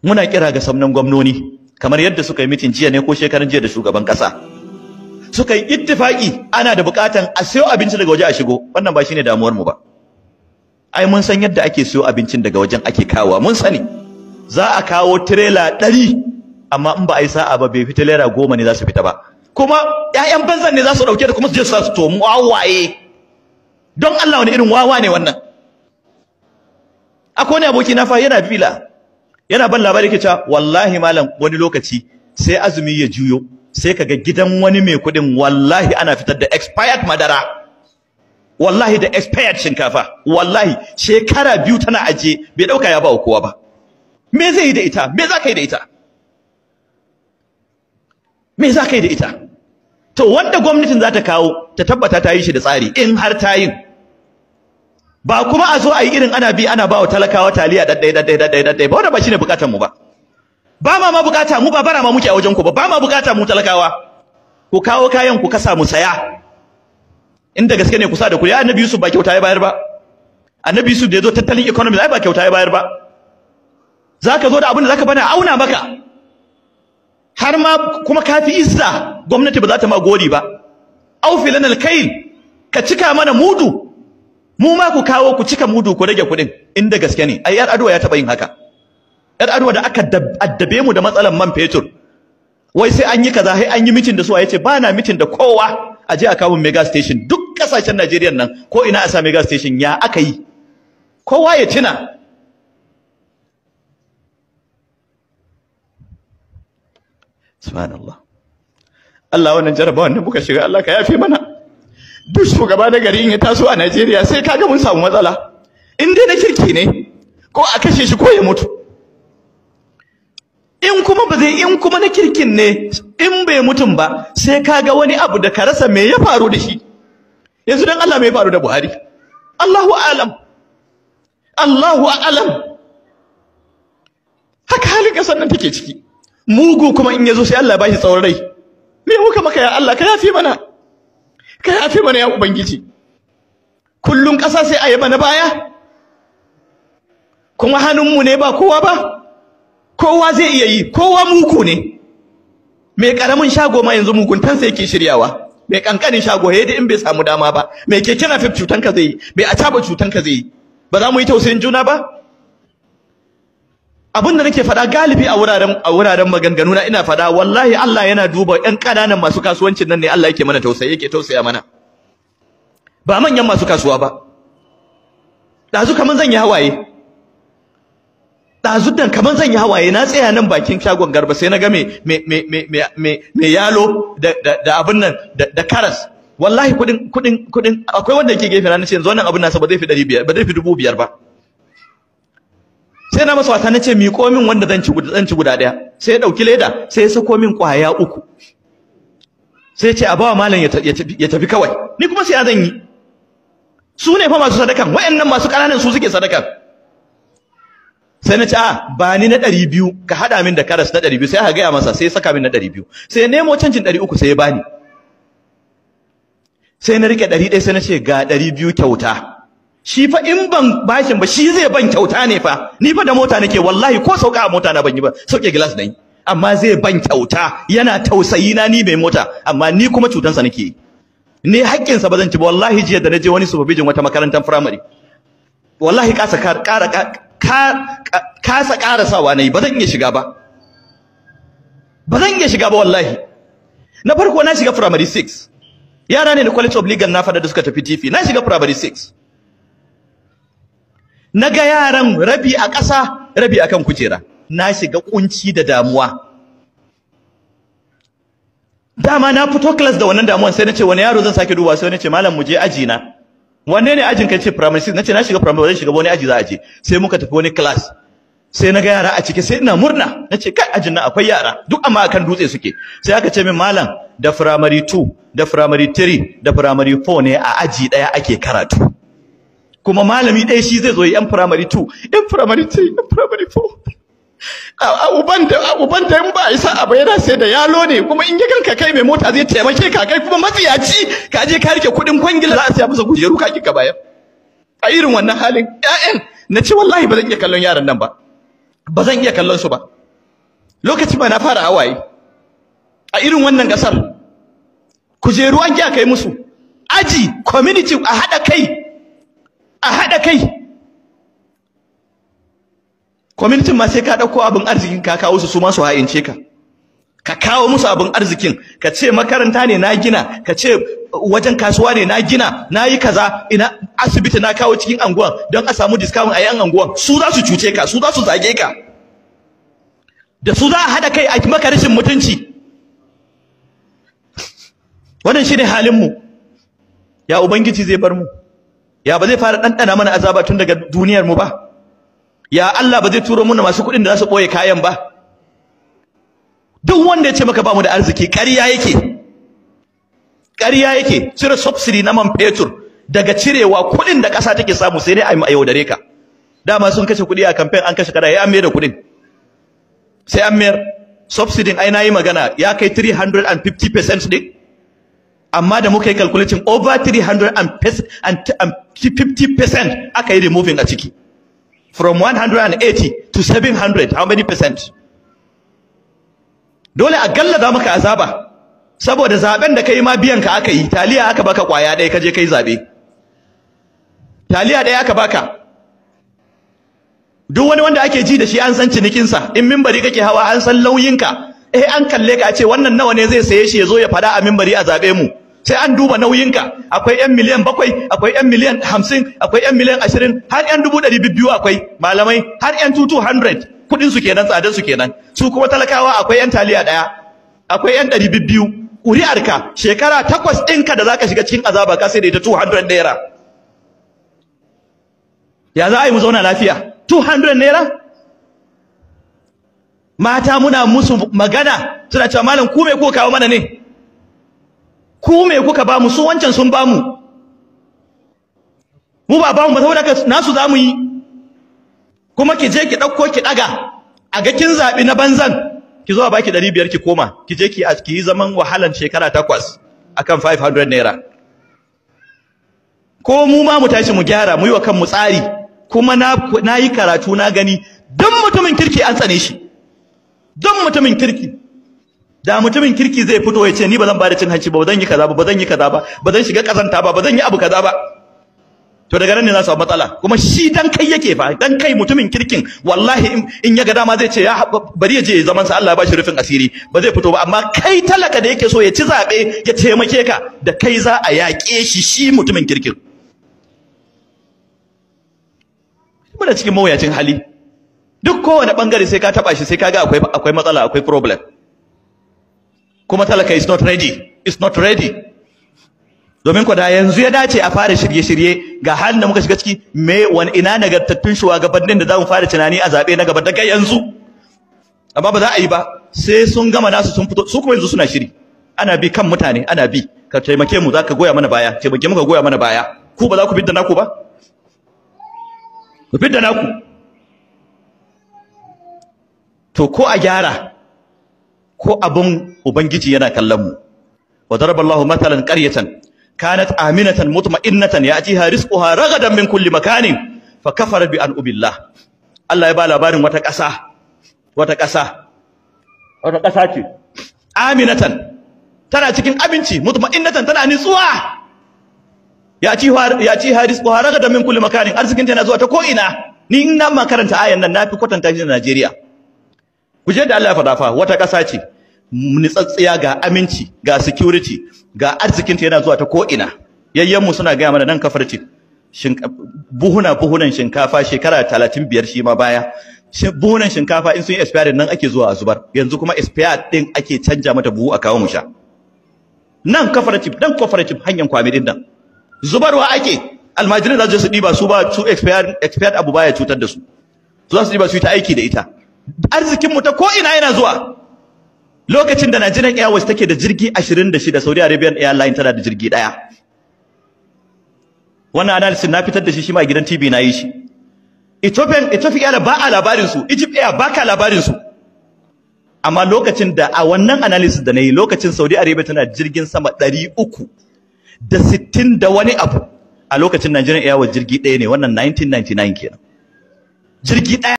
muna kira ga samnan gwamnoni kamar yadda suka yi mitin jiya ne ko shekaran jiya da shugaban kasa suka yi ittifaki ana da bukatan a siyo abinci daga waje a shigo wannan ba shine damuwar mu ba ai mun san yadda ake siyo abincin daga wajen ake kawo mun sani za a kawo tirela ɗari amma in ba a yi sa'a ba bai fita lera goma ne za su fita ba kuma 'ya'yan banzan ne za su ɗauke da kuma su je su sa su wawaye don Allah wani irin wawa ne wannan akwai wani aboki fa yana bila yana ban labari ke wallahi malam wani lokaci sai azumi ya juyo sai kaga gidan wani mai kuɗin wallahi ana fitar da expired madara wallahi da expired shinkafa wallahi shekara biyu tana aje bai dauka ya ba kowa ba me zai yi da ita me za ka yi da ita me za ka yi da ita to wanda gwamnatin za ta kawo ta tabbata ta yi shi da tsari in har ta yi ba kuma a zo a yi irin ana bi ana bawa talakawa taliya daddai daddai daddai daddai ba wanda ba shine bukatar mu ba ba ma ma bukata mu ba bara ma muke a wajen ku ba ba ma bukata mu talakawa ku kawo kayan ku kasa mu saya inda gaske ne ku sa da ku ya annabi Yusuf ba kyauta ya bayar ba annabi Yusuf da ya zo tattalin economy ai ba kyauta ya bayar ba zaka zo da abin da zaka bana auna maka har ma kuma kafi izza gwamnati ba za ta ma gori ba au kail ka cika mana mudu mu ma ku kawo ku cika mudu ku rage kuɗin inda gaske ne ai yar adwa ya taɓa yin haka yar adwa da aka addabe mu da matsalan man fetur wai sai an yi kaza sai an yi mitin da su yace ba na mitin da kowa a je a kawo mega station duk kasashen Najeriya nan ko ina a sa mega station ya aka yi kowa ya tuna subhanallah Allah wannan jarabawan da muka shiga Allah ka yafe mana duk shugaba na gari in ya taso a Najeriya sai kaga mun samu matsala in dai na kirki ne ko a kashe shi ko ya mutu in kuma ba zai in kuma na kirkin ne in bai mutum ba sai kaga wani abu da ka rasa me ya faru da shi yanzu dan Allah me ya faru da Buhari Allahu a'lam Allahu a'lam haka halin kasar nan take ciki mugu kuma in yazo sai Allah ya bashi tsaurai me muka maka ya Allah ka yafi mana ka yafe mana ya ubangiji kullum ƙasa sai a yi na baya kuma hannunmu ne ba kowa ba kowa zai iya yi kowa muku ne mai ƙaramin shago ma yanzu sai yake shiryawa mai ƙanƙanin shago ya in bai samu dama ba mai keke na fif cutanka zai yi mai taba cutanka zai yi ba za mu yi tausayin juna ba abin da nake faɗa galibi a wuraren a wuraren maganganu na ina faɗa wallahi Allah yana duba ƴan ƙananan masu kasuwancin nan ne Allah yake mana tausayi yake tausaya mana ba manyan masu kasuwa ba ɗazu kaman zan yi hawaye ɗazu dan kaman zan yi hawaye na tsaya nan bakin shagon garba sai na ga me me me me me me yalo da da abin nan da karas wallahi kudin kudin kudin akwai wanda yake gefe na nace yanzu wannan abin nasa ba zai fi 500 ba zai fi 2500 ba sai na masa wata na ce miƙo min wanda zan ci zan ci guda ɗaya sai ya ɗauki leda sai ya sako min ƙwaya uku sai ce a bawa malam ya tafi kawai ni kuma sai ya zan yi su ne fa masu sadakan wayannan masu ƙananan su suke sadakan sai na ce a ah, ba ni na ɗari biyu ka haɗa min da karas na ɗari biyu sai aka gaya masa sai ya saka min na ɗari biyu sai ya nemo canjin ɗari uku sai ya bani sai na riƙe ɗari ɗaya sai na ce ga ɗari biyu kyauta shi fa in ban bashin ba shi zai ban kyauta ne fa ni fa da mota nake wallahi ko sauka a mota na ban yi ba sauke glass na yi amma zai ban kyauta yana tausayi na ni mai mota amma ni kuma cutansa nake yi ne haƙƙinsa ba zan ci ba wallahi jiya da na je wani supervision wata makarantar primary wallahi kasa ƙara kasa ƙarasawa na yi ba zan iya shiga ba ba zan iya shiga ba wallahi na farko na shiga primary 6 yara ne na college of legal na fada da suka tafi tv na shiga primary 6 na ga yaran rabi a ƙasa rabi a kan kujera na shiga ƙunci da damuwa dama na fito class da wannan damuwan sai na ce wani yaro zan sake duba sai na ce malam mu je aji na wanne ne ajin kai ce primary 6 na ce na shiga primary zan shiga wani aji za a je sai muka tafi wani class sai na ga yara a cike sai ina murna na ce kai ajin nan akwai yara duk amma akan dutse suke sai aka ce min malam da primary 2 da primary 3 da primary 4 ne a aji daya ake karatu kuma malami ɗaya shi zai zo yan firamari 2 yan firamari 3 yan firamari 4 uban da uban da in ba a isa abu yana sai da yalo ne kuma in ya ganka kai mai mota zai taimake ka kai kuma matsiyaci ka je ka rike kudin kwangila za a siya masa kujeru ka kika bayan a irin wannan halin ƴaƴan na ce wallahi ba zan iya kallon yaran nan ba ba zan iya kallon su ba lokacin ma na fara hawaye a irin wannan gasar kujeru an kai musu aji community a haɗa kai a haɗa kai kwamitin ma sai ka ɗauko abin arzikin ka kawo su su ma su ha'ince ka ka kawo musu abin arzikin ka ce makaranta ne na gina ka ce wajen kasuwa ne na gina na yi kaza ina asibiti na kawo cikin anguwan don a samu discount a yan anguwan su za su cuce ka su za su zage ka da su za a haɗa kai a maka rashin mutunci wannan shine halin mu ya ubangiji zai bar mu ya ba zai fara ɗanɗana mana azaba tun daga duniyar mu ba ya Allah ba zai turo mana masu kuɗin da za su ɓoye kayan ba duk wanda ya ce maka ba mu da arziki ƙarya yake ƙarya yake cire subsidy na man fetur daga cirewa kuɗin da ƙasa take samu sai dai a yaudare ka dama sun kashe kuɗi a kamfen an kashe kada ya an da kuɗin sai an mayar subsidin ai yi magana ya kai 350% din amma da muka yi calculation over 350% aka yi removing a ciki from 180 to 700 how many percent dole a gallaza maka azaba saboda zaben da kai ma biyan ka aka yi taliya aka baka kwaya ɗaya kaje kai zabe taliya ɗaya aka baka duk wani wanda ake ji da shi an san cinikinsa in mimbari kake hawa an san lauyinka eh an kalle ka a ce wannan nawa ne zai saye shi ya zo ya fada a mimbari a zabe mu sai an duba nauyinka akwai yan miliyan bakwai akwai yan miliyan hamsin akwai yan miliyan ashirin har yan dubu ɗari biyu akwai malamai har yan tutu hundred kuɗin su kenan tsadar su kenan su kuma talakawa akwai yan taliya ɗaya akwai yan ɗari biyu ƙuri'arka shekara takwas ɗinka da za ka shiga cikin azaba ka sai da ita 200 naira ya za a yi mu zauna lafiya 200 naira mata muna musu magana suna cewa malam ku mai ko kawo mana ne ku me kuka ba mu su wancan sun ba mu mu ba ba mu ba saboda nasu za mu yi kuma ki je ki ɗauko ki ɗaga a ga kin zaɓi na banzan ki zo a baki ɗari ki koma ki je ki yi zaman wahalan shekara takwas akan 500 naira ko mu ma mu tashi mu gyara mu yi wa kanmu tsari kuma na yi karatu na gani don mutumin kirki an tsane shi dan mutumin kirki da mutumin kirki zai fito ya ce ni ba zan bada cin hanci ba ba zan yi kaza ba ba zan yi kaza ba ba zan shiga kazanta ba ba zan yi abu kaza ba to daga nan ne za su samu matsala kuma shi dan kai yake fa dan kai mutumin kirkin wallahi in ya ga dama zai ce ya bari ya je zaman sa Allah ya bashi rufin asiri ba zai fito ba amma kai talaka da yake so ya ci zabe ya taimake ka da kai za a yaƙe shi shi mutumin kirkin muna cikin mawuyacin hali duk kowane bangare sai ka taba shi sai ka ga akwai akwai matsala akwai problem kuma talaka is not ready is not ready domin ku da yanzu ya dace a fara shirye-shirye ga halin da muka shiga ciki me wani ina nagartattun shugabannin da za mu fara tunani a zaɓe na gaba daga yanzu amma ba za a yi ba sai sun gama nasu sun fito su kuma yanzu suna shiri ana bi kan mutane ana bi ka taimake mu za ka goya mana baya taimake mu ka goya mana baya ku ba za ku bidda naku ba ku bidda naku to ko a gyara ko abin ubangiji yana kallon mu wa daraballahu matalan qaryatan kanat aminatan mutma'innatan ya'tiha rizquha ragadan min kulli makanin fa kafara bi an ubillah Allah ya ba labarin wata ƙasa wata ƙasa wata ƙasa ce aminatan tana cikin abinci mutma'innatan tana nitsuwa ya'tiha rizquha ragadan min kulli makanin arzikin ta yana zuwa ta ko ina ni ina makaranta karanta ayan nan nafi kwatanta shi da Najeriya ku je da Allah ya faɗa fa wata ƙasa ce nitsatsiya ga aminci ga security ga arzikinta yana zuwa ta ko'ina. ina mu suna gaya mana nan kafarci buhuna buhunan shinkafa shekara talatin biyar shi ma baya buhunan shinkafa in sun yi expired nan ake zuwa a zubar yanzu kuma expired din ake canja mata buhu a kawo mu sha nan kafarci nan kafarci hanyar kwami din nan zubarwa ake almajirin za su ɗiba su ba su expired abu baya cutar da su za su ɗiba su yi ta aiki da ita arzikinmu ta ko'ina yana zuwa lokacin da Nigerian Airways take da jirgi 26 Saudi Arabian Airlines tana da jirgi daya wannan analysis na fitar da shi shi ma gidan TV na yi shi Ethiopian Ethiopia ba a labarin su Egypt Air ba ka labarin su amma lokacin da a wannan analysis da na yi lokacin Saudi Arabia tana jirgin sama 300 da 60 da wani abu a lokacin Nigerian Airways jirgi ɗaya ne wannan 1999 kenan jirgi ɗaya